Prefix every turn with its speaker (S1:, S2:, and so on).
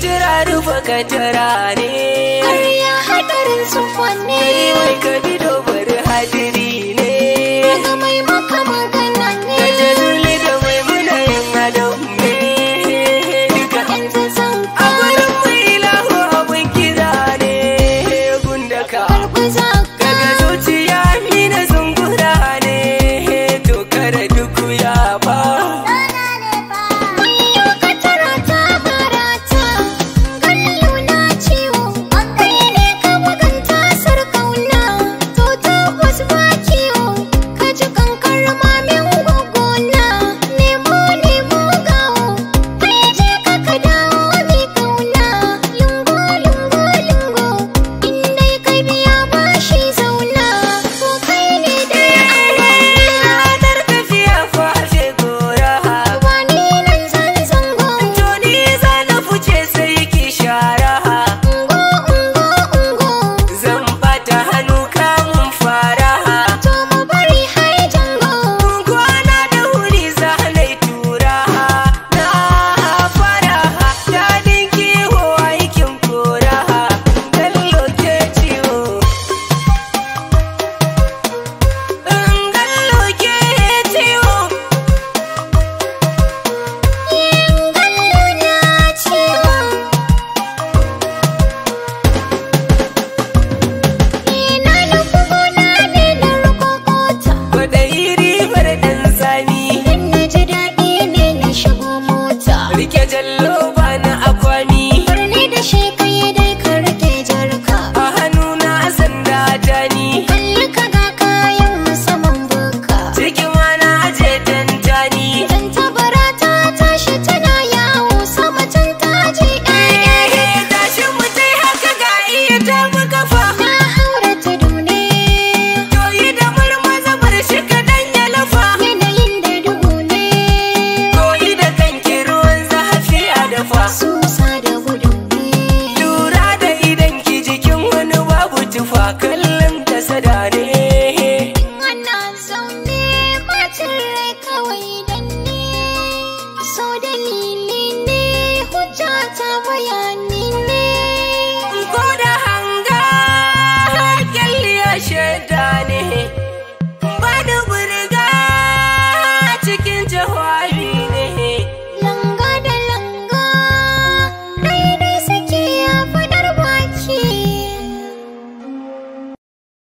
S1: sutura rufa katara ne. Kariya hadarin su wanne. Kai mai kabila. के जल I'm a lion.